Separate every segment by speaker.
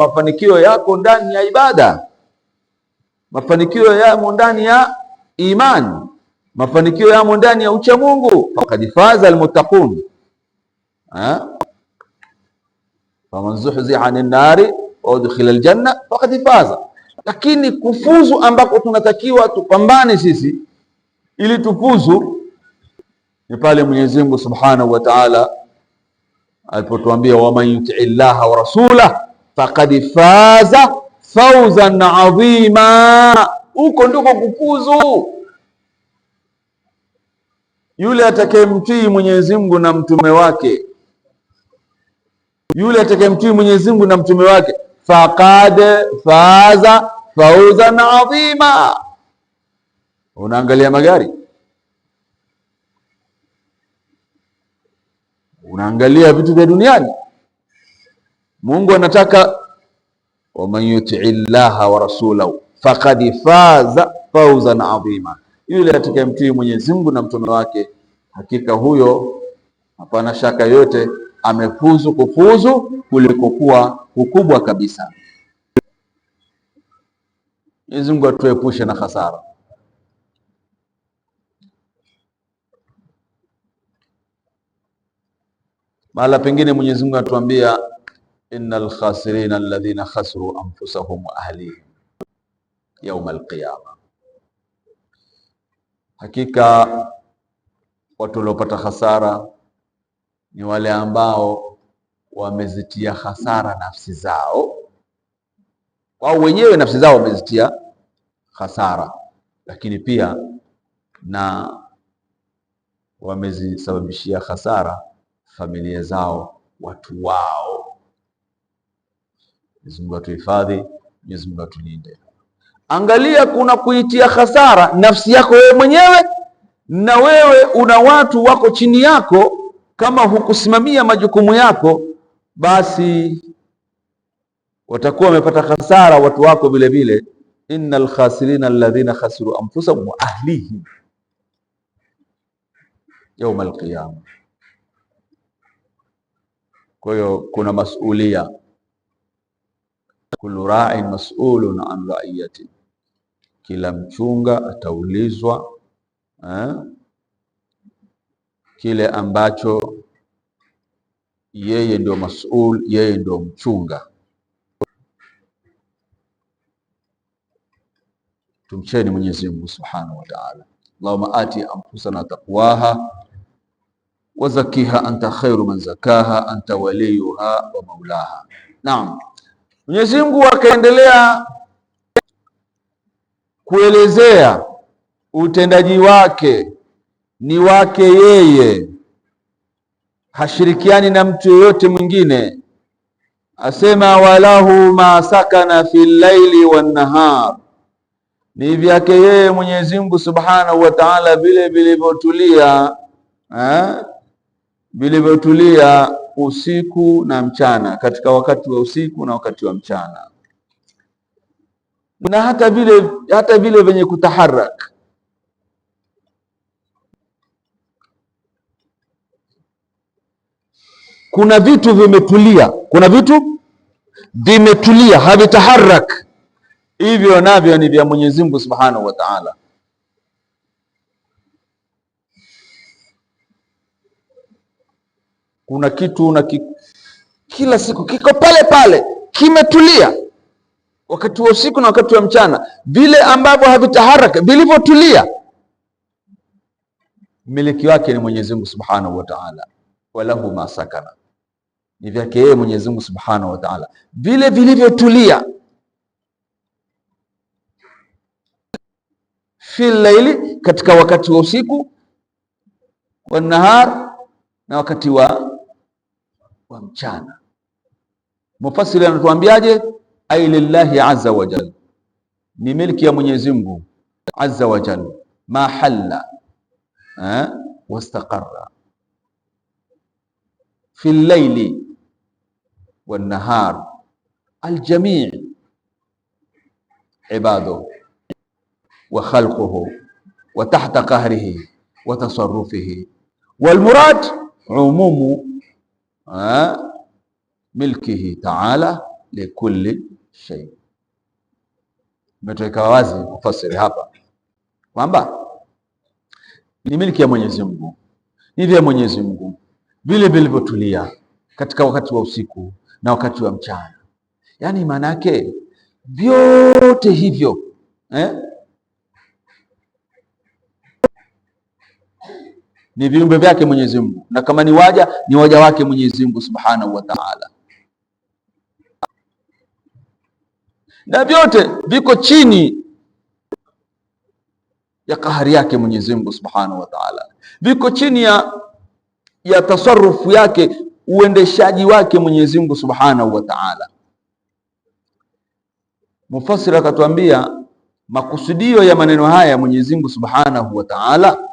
Speaker 1: mafanikio yako ndani ya ibada, mafanikio yamo ndani ya imani, mafanikio yamo ndani ya uchamungu. Faqad faza almuttaqun, faman zuhziha anin nari wa udkhila aljanna faqad faza. Lakini kufuzu ambako tunatakiwa tupambane sisi ili tufuzu ni pale Mwenyezi Mungu Subhanahu wa Ta'ala alipotuambia, waman yutii llaha wa rasulahu faqad faza fawzan adhima, huko ndiko kukuzu. Yule atakayemtii Mwenyezi Mungu na mtume wake, yule atakayemtii Mwenyezi Mungu na mtume wake, faqad faza fawzan adhima. Unaangalia magari, unaangalia vitu vya duniani Mungu anataka waman yutii llaha wa rasulahu faqad faza fawzan adhima, yule atakayemtii Mwenyezi Mungu na mtume wake, hakika huyo hapana shaka yote amefuzu kufuzu kulikokuwa kukubwa kabisa. Mwenyezi Mungu atuepushe na hasara. Mahala pengine Mwenyezi Mungu anatuambia innal khasirina alladhina khasiru anfusahum wa ahlihim yauma alqiyama, hakika watu waliopata khasara ni wale ambao wamezitia khasara nafsi zao wao wenyewe, nafsi zao wamezitia khasara lakini pia na wamezisababishia khasara familia zao, watu wao Mwenyezi Mungu atuhifadhi, Mwenyezi Mungu atulinde. Angalia, kuna kuitia hasara nafsi yako wewe mwenyewe, na wewe una watu wako chini yako, kama hukusimamia majukumu yako, basi watakuwa wamepata hasara watu wako vile vile. Innal khasirina alladhina khasiru anfusahum wa ahlihim yauma alqiyama. Kwa hiyo kuna masulia kullu ra'in mas'ulun an ra'iyati, kila mchunga ataulizwa eh, kile ambacho yeye ndio masul, yeye ndio mchunga. Tumcheni Mwenyezi Mungu Subhanahu wa Ta'ala. Allahumma ati anfusana taqwaha wa zakiha anta khairu man zakaha anta waliyuha wa maulaha. Naam. Mwenyezi Mungu akaendelea kuelezea utendaji wake ni wake yeye, hashirikiani na mtu yoyote mwingine. Asema walahu ma sakana fil laili wan nahar, ni vyake yeye Mwenyezi Mungu Subhanahu wa Ta'ala, vile vilivyotulia eh? vilivyotulia usiku na mchana, katika wakati wa usiku na wakati wa mchana, na hata vile hata vile vyenye kutaharak kuna vitu vimetulia, kuna vitu vimetulia havitaharak, hivyo navyo ni vya Mwenyezi Mungu Subhanahu wa Ta'ala. kuna kitu una ki... kila siku kiko pale pale, kimetulia wakati wa usiku na wakati wa mchana, vile ambavyo havitaharaka, vilivyotulia, mmiliki wake ni Mwenyezi Mungu Subhanahu wa Ta'ala, walahu ma sakana, ni vyake yeye Mwenyezi Mungu Subhanahu wa Ta'ala, vile vilivyotulia fi laili, katika wakati wa usiku wa nahar, na wakati wa wa mchana. Mufasiri anatuambiaje? ai lillahi azza wa jalla, ni milki ya Mwenyezi Mungu azza wa jalla. ma halla eh, wastaqarra fi llaili wan nahar aljamii ibadahu wa khalquhu wa tahta qahrihi wa tasarufihi wal umumu milkihi taala likulli shay. Imetoweka wazi mufasiri hapa kwamba ni milki ya Mwenyezi Mungu, ni vya Mwenyezi Mungu vile vilivyotulia katika wakati wa usiku na wakati wa mchana, yaani maana yake vyote hivyo eh? ni viumbe vyake Mwenyezi Mungu, na kama ni waja ni waja wake Mwenyezi Mungu Subhanahu wa Ta'ala, na vyote viko chini ya kahari yake Mwenyezi Mungu Subhanahu wa Ta'ala, viko chini ya ya tasarufu yake, uendeshaji wake Mwenyezi Mungu Subhanahu wa Ta'ala. Mufassir akatuambia makusudio ya maneno haya Mwenyezi Mungu Subhanahu wa Ta'ala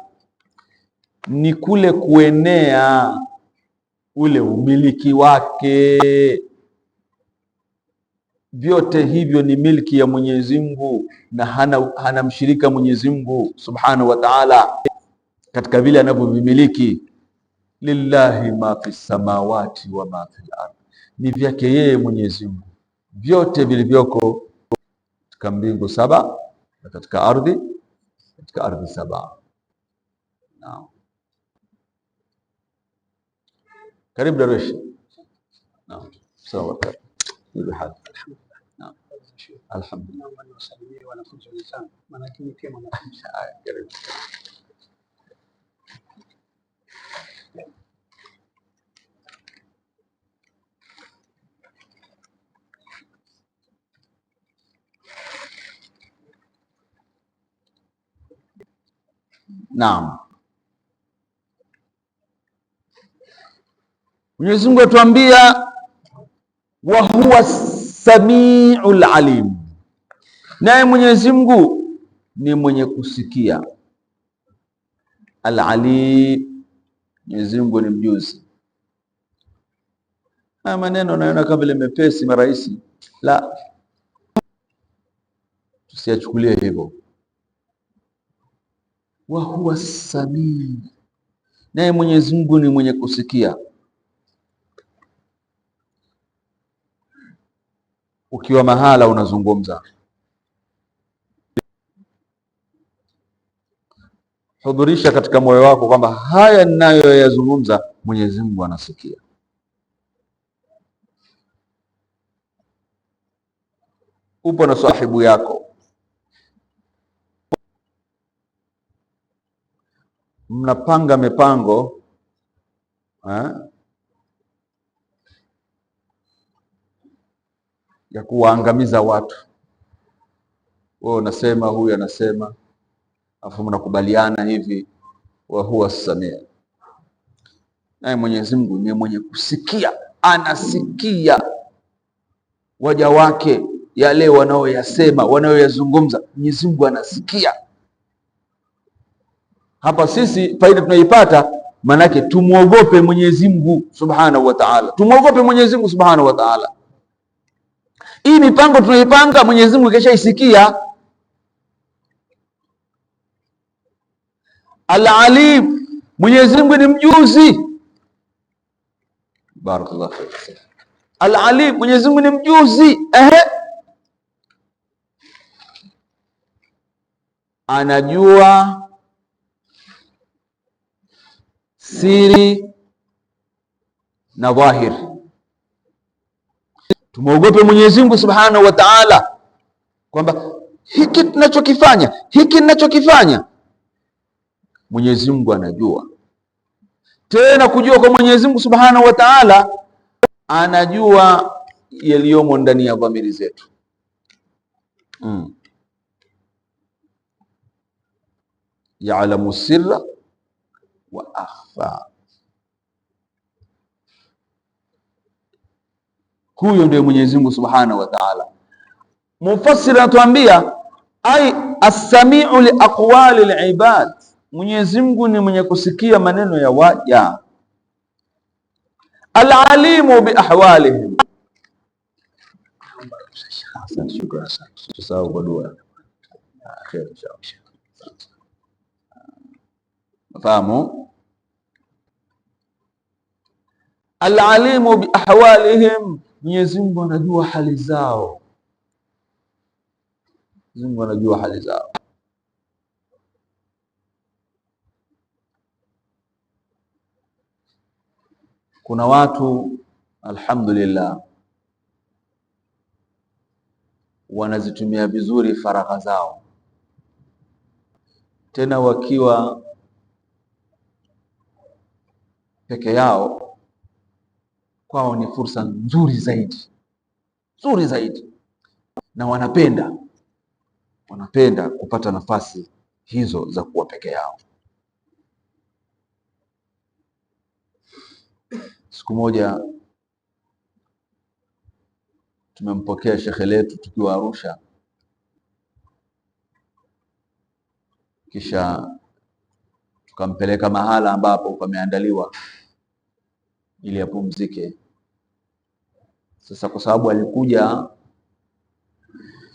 Speaker 1: ni kule kuenea ule umiliki wake. Vyote hivyo ni milki ya Mwenyezi Mungu na hana, hana mshirika Mwenyezi Mungu Subhanahu wa Ta'ala katika vile anavyovimiliki. Lillahi ma fi samawati wa ma fil ardh, ni vyake yeye Mwenyezi Mungu vyote vilivyoko katika mbingu saba na katika ardhi katika ardhi saba. Naam. كريم درويش نعم سلام عليكم كل حال الحمد لله نعم الحمد لله اللهم صل وعلى كما نعم Mwenyezi Mungu atuambia wa huwa samiul alim, naye Mwenyezi Mungu ni mwenye kusikia. Alalim, Mwenyezi Mungu ni mjuzi. Haya maneno naona kama vile mepesi marahisi, la tusiachukulie hivyo. Wa huwa samii, naye Mwenyezi Mungu ni mwenye kusikia ukiwa mahala unazungumza. Hudhurisha katika moyo wako kwamba haya ninayoyazungumza Mwenyezi Mungu anasikia. Upo na sahibu yako, mnapanga mipango eh? ya kuwaangamiza watu. Wewe unasema, huyu anasema, afu mnakubaliana hivi, wa huwa samia. Naye Mwenyezi Mungu ni mwenye kusikia, anasikia waja wake yale wanaoyasema, wanayoyazungumza. Mwenyezi Mungu anasikia. Hapa sisi faida tunaipata maanake, tumwogope Mwenyezi Mungu Subhanahu wa Ta'ala, tumwogope Mwenyezi Mungu Subhanahu wa Ta'ala. Hii mipango tunaipanga, Mwenyezi Mungu keshaisikia. Alalim, Mwenyezi Mungu ni mjuzi. Barakallahu fik. Alalim, Mwenyezi Mungu ni mjuzi. Ehe, anajua siri na dhahiri tumuogope Mwenyezi Mungu Subhanahu wa Ta'ala, kwamba hiki tunachokifanya hiki ninachokifanya Mwenyezi Mungu anajua. Tena kujua kwa Mwenyezi Mungu Subhanahu wa Ta'ala, anajua yaliyomo ndani ya dhamiri zetu mm. Yaalamu sirra wa akhfa Huyo ndiye Mwenyezi Mungu Subhanahu wa Ta'ala. Mufassiri anatuambia ai as-sami'u li aqwali al-ibad, Mwenyezi Mungu ni mwenye kusikia maneno ya waja. Al-alimu bi ahwalihim, fahamu al-alimu bi ahwalihim Mwenyezi Mungu anajua hali zao. Mwenyezi Mungu anajua hali zao. Kuna watu alhamdulillah wanazitumia vizuri faragha zao, tena wakiwa peke yao kwao ni fursa nzuri zaidi, nzuri zaidi, na wanapenda wanapenda kupata nafasi hizo za kuwa peke yao. Siku moja tumempokea shekhe letu tukiwa Arusha, kisha tukampeleka mahala ambapo pameandaliwa ili apumzike. Sasa kwa sababu alikuja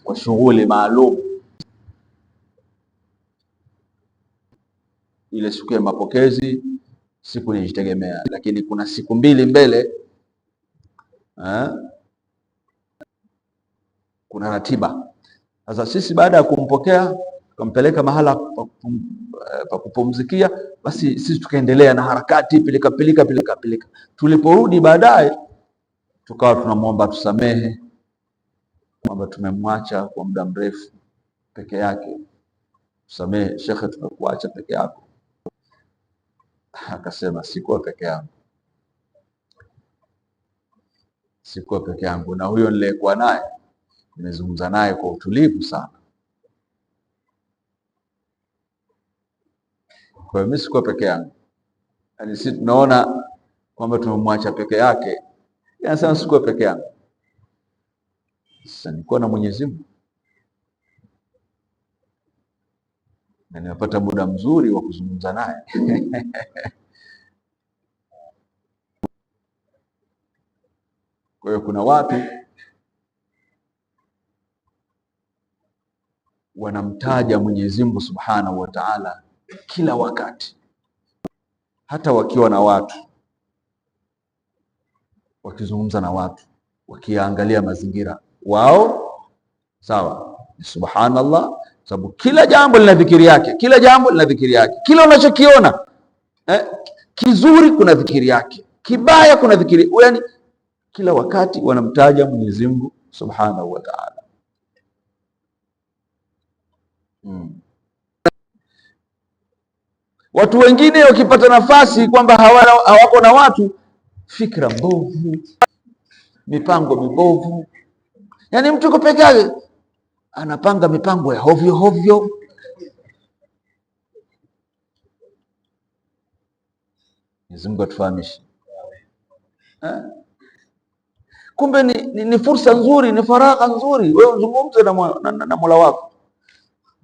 Speaker 1: kwa shughuli maalum, ile siku ya mapokezi siku nijitegemea, lakini kuna siku mbili mbele ha? kuna ratiba. Sasa sisi baada ya kumpokea tukampeleka mahala pa kupumzikia, basi sisi tukaendelea na harakati pilika pilika pilika pilika. Tuliporudi baadaye, tukawa tunamwomba tusamehe kwamba tumemwacha kwa muda mrefu peke yake, tusamehe shekhe, tumekuacha peke yako. Akasema sikuwa peke yangu, sikuwa peke yangu, na huyo niliyekuwa naye nimezungumza naye kwa utulivu sana Kwa hiyo mimi siko peke yangu, yaani si tunaona kwamba tumemwacha peke yake, anasema yaani siko peke yangu. Sasa niko na Mwenyezi Mungu na nimepata muda mzuri wa kuzungumza naye Kwa hiyo kuna watu wanamtaja Mwenyezi Mungu Subhanahu wa Ta'ala kila wakati, hata wakiwa na watu, wakizungumza na watu, wakiangalia mazingira wao. Sawa, subhanallah, sababu kila jambo lina dhikiri yake, kila jambo lina dhikiri yake, kila unachokiona eh, kizuri kuna dhikiri yake, kibaya kuna dhikiri, yani, kila wakati wanamtaja Mwenyezi Mungu subhanahu wa ta'ala. Hmm. Watu wengine wakipata nafasi kwamba hawako na watu, fikra mbovu, mipango mibovu, yaani mtu yuko peke yake anapanga mipango ya hovyo hovyo. Mwenyezi Mungu atufahamishe. Kumbe ni, ni, ni fursa nzuri, ni faragha nzuri. Wewe uzungumze na, na, na, na Mola wako.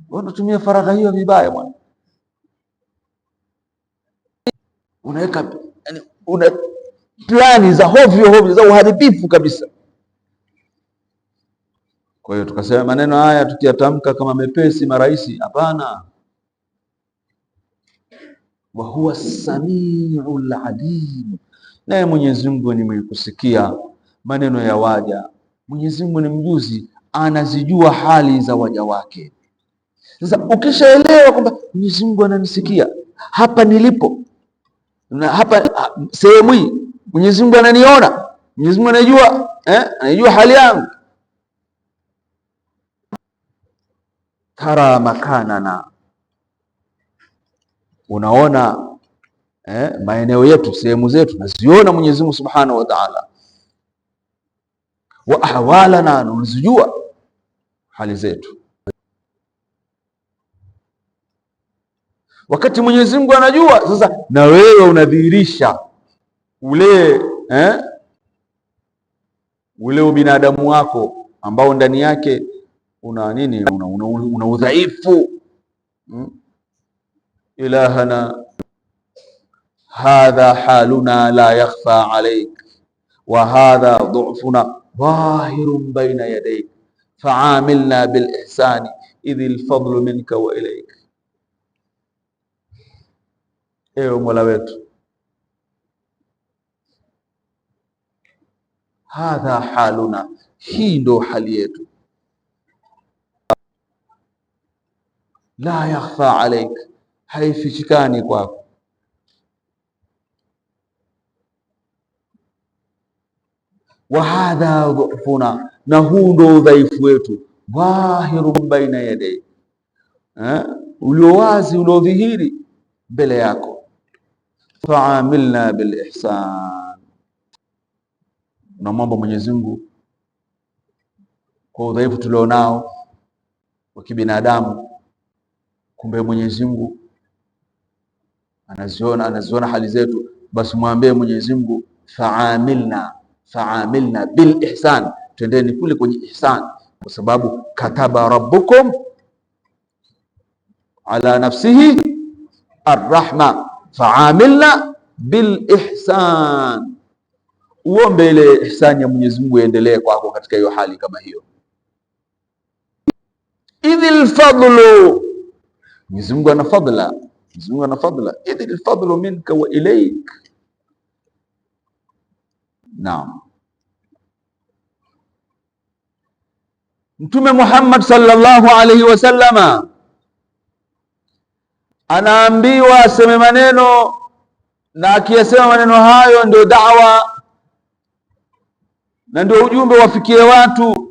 Speaker 1: Wewe unatumia faragha hiyo vibaya mwana unaweka yani, una plani za hovyo hovyo za uharibifu kabisa. Kwa hiyo tukasema maneno haya tukiyatamka kama mepesi marahisi, hapana. Wa huwa samiul alim, naye Mwenyezi Mungu ni mwenye kusikia maneno ya waja. Mwenyezi Mungu ni mjuzi, anazijua hali za waja wake. Sasa ukishaelewa kwamba Mwenyezi Mungu ananisikia hapa nilipo, na hapa ah, sehemu hii Mwenyezi Mungu ananiona, Mwenyezi Mungu anajua eh, anajua hali yangu. Tara makanana, unaona eh, maeneo yetu, sehemu zetu naziona Mwenyezi Mungu Subhanahu wa Ta'ala. Wa ahwalana, unazijua hali zetu wakati Mwenyezi Mungu anajua. Sasa na wewe unadhihirisha ule eh, ule ubinadamu wako ambao ndani yake una nini, una, una, una udhaifu hmm? Ilahana hadha haluna la yakhfa alaik wa hadha dhufuna dhahirun baina yadaik faamilna bilihsani idh fadlu minka wa ilayk ewe Mola wetu. Hadha haluna, hii ndo hali yetu. La yakhfa alaik, haifichikani kwako. Wa hadha dhufuna, na huu ndo udhaifu wetu. Dhahiru baina yadai, eh? ulio wazi uliodhihiri mbele yako faamilna bil ihsan. Tunamwomba Mwenyezi Mungu kwa udhaifu tulionao wa kibinadamu, kumbe Mwenyezi Mungu anaziona anaziona hali zetu, basi mwambie Mwenyezi Mungu faamilna faamilna bil ihsan, twendeni kule kwenye ihsan, kwa sababu kataba rabbukum ala nafsihi arrahma faamilna bil ihsan, uombe ile ihsani ya Mwenyezi Mungu iendelee kwako katika hiyo hali kama hiyo. Idhil fadlu, Mwenyezi Mungu ana fadla, Mwenyezi Mungu ana fadla. Idhil fadlu minka wa ilaik. Naam. Mtume Muhammad sallallahu alayhi wasallama anaambiwa aseme maneno na akiyasema maneno hayo ndio da'wa na ndio ujumbe wafikie watu.